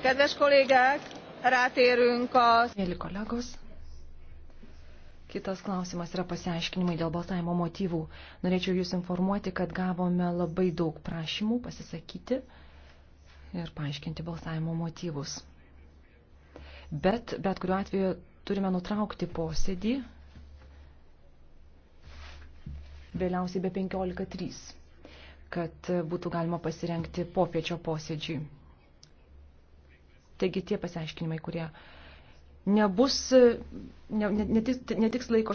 Kedves kollégák, rátérünk a... Mėly kolegos, kitas klausimas yra pasiaiškinimai dėl balsavimo motyvų. Norėčiau Jūs informuoti, kad gavome labai daug prašymų pasisakyti ir paaiškinti balsavimo motyvus. Bet, bet kuriuo atveju turime nutraukti posėdį vėliausiai be 15.3, kad būtų galima pasirengti popiečio posėdžiui. Taigi tie pasiaiškinimai, kurie nebus, ne, ne, netiks laiko šiandien.